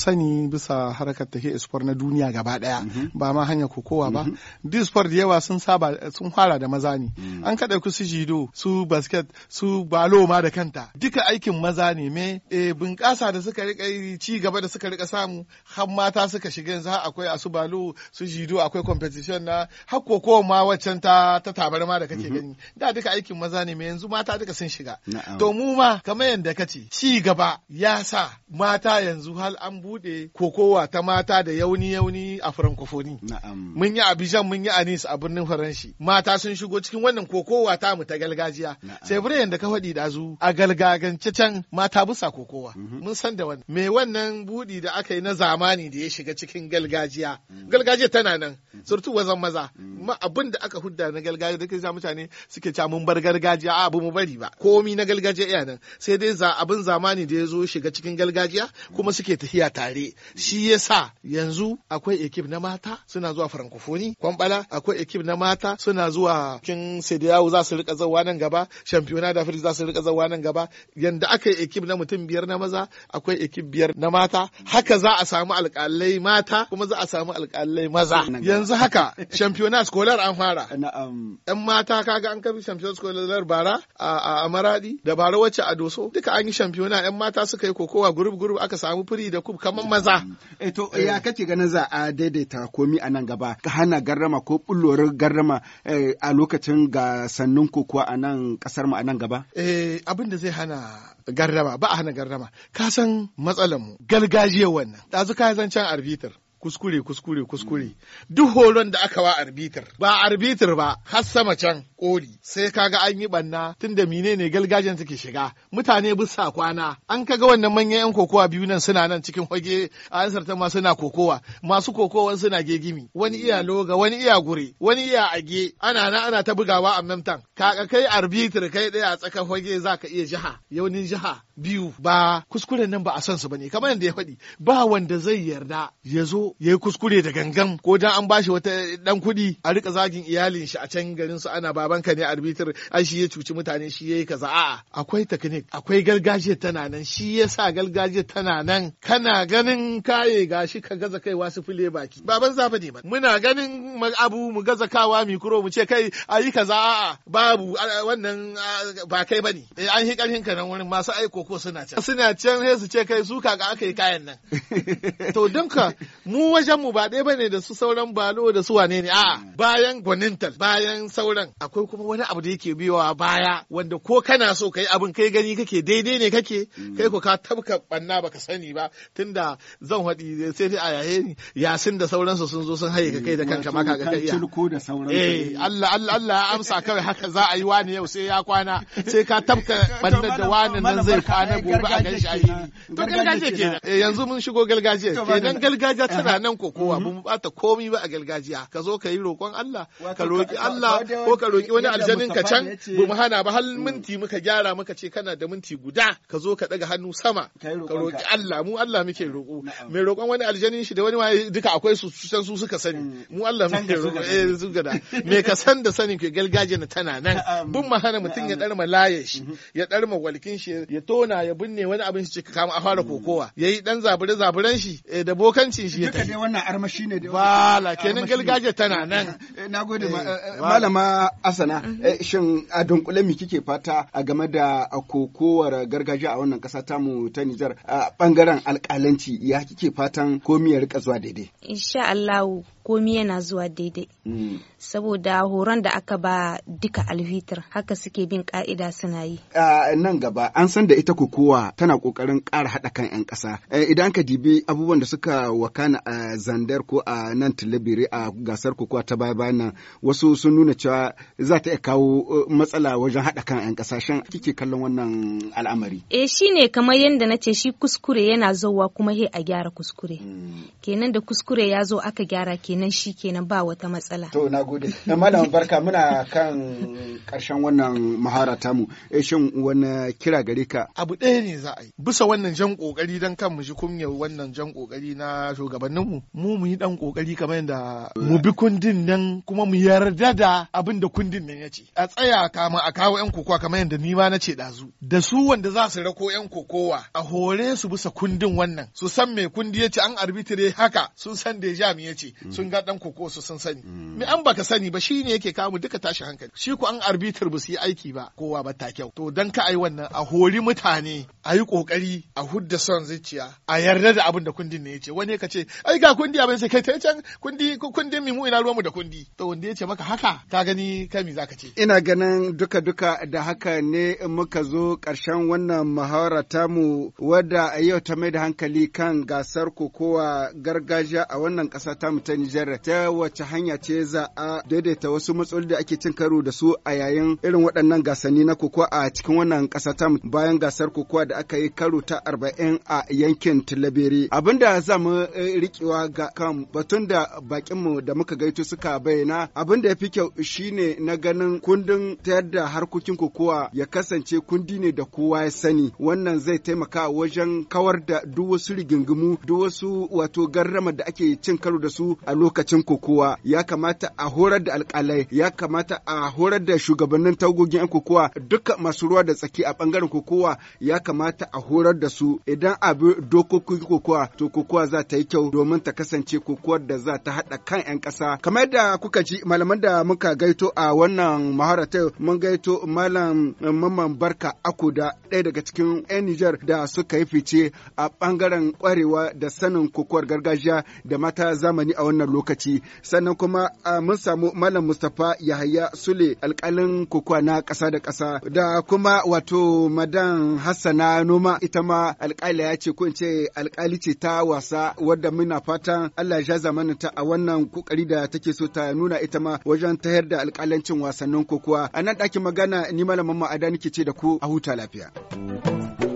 S1: sani bisa harkar take espoir na duniya gaba daya mhm. ba ma hanya kokowa ba mhm. duk sport da yawa sun saba sun fara da maza ne mm. an kada ku su jido su basket su balo ma da kanta duka aikin maza ne me eh bunƙasa da suka rika ci gaba da suka rika samu har mata suka shiga yanzu akwai asu balo su jido akwai competition na har kokowa ma waccan ta ta tabarma da kake mhm. gani da duka aikin maza ne me yanzu mata duka sun shiga to mu ma kamar yadda kace ci gaba ya sa mata yanzu hal an bude kokowa ta mata da yauni ya a francophonie mun yi abijan mun yi anis a birnin faranshi mata sun shigo cikin wannan kokowa ta mu ta galgajiya sai bure yanda ka faɗi da zu a galgagance can mata busa kokowa mhm. mun san da wannan me wannan budi da aka yi na zamani da ya shiga cikin galgajiya mhm. galgajiya tana nan mhm. surtu wazan maza ma abin da aka hudda na galgajiya da kai mutane suke ca mun bar galgajiya a abu mu bari ba komi na galgajiya iya nan sai dai za abin zamani da ya zo shiga cikin galgajiya kuma suke tafiya tare shi yasa yanzu akwai ekip na mata suna zuwa Francophonie, Kwambala akwai ekip na mata suna zuwa kin Sediyawu za su rika zawa nan gaba, Championnat d'Afrique za su rika zawa nan gaba. Yanda aka yi ekip na mutum biyar na maza, akwai ekip biyar na mata. Haka za a samu alƙalai mata kuma za a samu alƙalai maza. Yanzu haka Championnat Scolaire an fara. Yan mata kaga an kafi Championnat Scolaire bara a Maradi da bara wacce a Doso. Duka an yi Championnat yan mata suka yi kokowa gurub gurub aka samu firi da kub kamar maza.
S2: Eh to ya kace gani. ganin za a daidaita komi a nan gaba ka hana garrama ko bullorin garrama eh, a lokacin gasannin kokowa a nan kasar mu a nan gaba?
S1: Eh abin da zai hana garrama ba a hana garrama ka san matsalar mu gargajiyar wannan dazu ka zancen arbitr kuskure kuskure kuskure duk horon da aka wa arbitar ba arbitar ba har sama can koli. sai kaga an yi banna tunda mine ne galgajen take shiga mutane bisa kwana an kaga wannan manyan yan kokowa biyu nan suna nan cikin hoge a ansar ta ma suna kokowa masu kokowan suna gegimi wani iya loga wani iya gure wani iya age ana na ana ta bugawa a memtan kaga kai arbitar kai daya a tsakar hoge zaka iya jiha yaunin jiha biyu ba kuskuren nan ba a son su bane kamar yadda ya faɗi ba wanda zai yarda ya zo zo ya yi kuskure da gangan ko dan an bashi wata dan kuɗi a rika zagin iyalin shi a can garin su ana babanka ne arbitr ai shi ya cuci mutane shi yayi kaza a'a akwai technique akwai gargajiyar tana nan shi yasa gargajiyar tana nan kana ganin kaye gashi ka gaza kai wasu file baki baban zafa ne ba muna ganin abu mu gaza kawa mikro mu ce kai ayi kaza a'a babu wannan ba kai bane eh, an hi karhin ka nan wurin masu aiko ko suna can suna can sai su ce kai su ka aka yi kayan nan [LAUGHS] to dinka mu mu wajen mu ba ɗaya bane da su sauran balo da su wane ne a'a mm. bayan gwanintal bayan sauran akwai kuma wani abu da yake biyowa baya wanda ko kana so kai abin kai gani kake daidai ne kake mm. kai ko ka tabka banna baka sani ba tunda zan haɗi sai dai a yaye yasin da sauransu sun zo sun haye ka kai da eh, kanka ma ka ga kai da sauransu eh Allah Allah Allah ya amsa kawai haka za a yi wani yau sai ya kwana sai ka tabka banna [LAUGHS] da wani nan zai kwana gobe a ganshi ayi. to gargajiya kenan eh, yanzu mun shigo gargajiya kenan gargajiya tana ana mhm. nan ko kowa ba mhm. mu bata komi ba a gargajiya ka zo ka yi roƙon Allah ka roƙi Allah ko ka roƙi wani aljanin ka can ba mu hana ba hal mm. minti muka gyara muka ce kana da minti guda ka zo ka daga hannu sama ka roƙi Allah mu Allah muke roƙo mai roƙon wani aljanin shi da wani waye duka akwai su san su suka sani mm. mu Allah muke roƙo eh zuga da me ka san da sanin ke gargajiya tana nan bin mu hana mutum ya darma laye shi mm-hmm. ya darma walkin shi ya tona ya binne wani abin shi ka kama a fara mm. kokowa yayi dan zabure zaburan shi eh, da bokancin shi ya haka dai wannan armashi ne dai wala kenan galgaje tana nan eh, na eh, eh, malama
S2: asana shin a dunkule mi kike fata a game da kokowar gargajiya a wannan kasa tamu ta Nijar a bangaren alkalanci ya kike fatan ko mi ya rika zuwa daidai
S4: insha Allah komi yana zuwa daidai hmm. saboda horon da aka ba duka alfitar haka suke bin ka'ida suna yi
S2: nan gaba an san da ita kokowa tana kokarin kara hada kan 'yan kasa eh, idan ka dibi abubuwan da suka wakana a zandar ko a nan tilibiri a gasar kokowa ta baya bayan wasu sun nuna cewa za ta iya kawo eh, matsala wajen hada kan 'yan shan kike kallon wannan al'amari
S4: eh shine kamar yadda na ce shi kuskure yana zowa kuma he a gyara kuskure hmm. kenan da kuskure ya zo aka gyara kenan shi kenan ba wata matsala to na gode eh, malam
S2: barka muna kan karshen wannan mahara tamu eh shin wani kira gare ka
S1: abu ɗaya ne za a yi bisa wannan jan kokari dan kan mu ji kunya wannan jan kokari na shugabanninmu mu mu yi dan kokari kamar yadda mu bi kundin nan kuma mu yarda da abin da kundin nan ya ce a tsaya kama a kawo yan kokowa kamar yadda ni ma na ce dazu da su wanda za su rako yan kokowa a hore su bisa kundin wannan su san me kundi ya ce an arbitire haka sun san deja mu ya ce sun ga dan koko su sun sani mm. me an baka sani ba shine yake kawo duka tashi hankali shi ko an arbitar ba su yi aiki ba kowa ba ta kyau to dan ka ai wannan a hori mutane a yi kokari a hudda son zuciya a yarda da abin da kundin ne yace wani ka ce ai ga kundi abin sai kai ta can kundi kundin mu ina ruwan mu da kundi to wanda yace maka haka ka gani zaka ce ina ganin duka duka da haka
S2: ne muka zo karshen wannan muhawara tamu wadda yau ta mai da hankali kan gasar kokowa gargajiya a wannan kasa ta ta Nijar ta wace hanya ce za a daidaita wasu matsaloli da ake cin karo da su a yayin irin waɗannan gasanni na kokowa a cikin wannan ƙasa ta bayan gasar kokowa da aka yi karo ta arba'in a yankin Tilaberi. Abin da za mu eh, riƙewa ga kan batun da bakinmu da muka gaito suka bayyana abin da ya fi kyau shine na ganin kundin tayar da harkokin kokowa ya kasance kundi ne da kowa ya sani wannan zai taimaka wajen kawar da duk wasu rigingimu duk wasu wato garrama da ake cin karo da su a lokacin kokowa ya kamata a horar da alkalai ya kamata a horar da shugabannin tagogin 'yan kokowa duka masu ruwa da tsaki a bangaren kokowa ya kamata a horar da su idan abu dokokin kokowa to kokowa za ta yi kyau domin ta kasance kokowar da za ta haɗa kan 'yan kasa kamar da kuka ji malaman da muka gaito a wannan maharata mun gaito malam mamman barka akuda ɗaya daga cikin 'yan nijar da suka yi fice a bangaren kwarewa da sanin kokowar gargajiya da mata zamani a wannan wannan lokaci sannan kuma mun samu malam mustapha yahaya sule alkalin kokowa na ƙasa da ƙasa da kuma wato madan hassana noma ita ma alkali ya ce ko in ce alƙali ce ta wasa wadda muna fatan allah ya zamana ta a wannan kokari da take so ta nuna ita ma wajen tayar da alkalancin wasannin kokowa a nan ɗakin magana ni malam malamin ma'ada nake ce da ku a huta lafiya.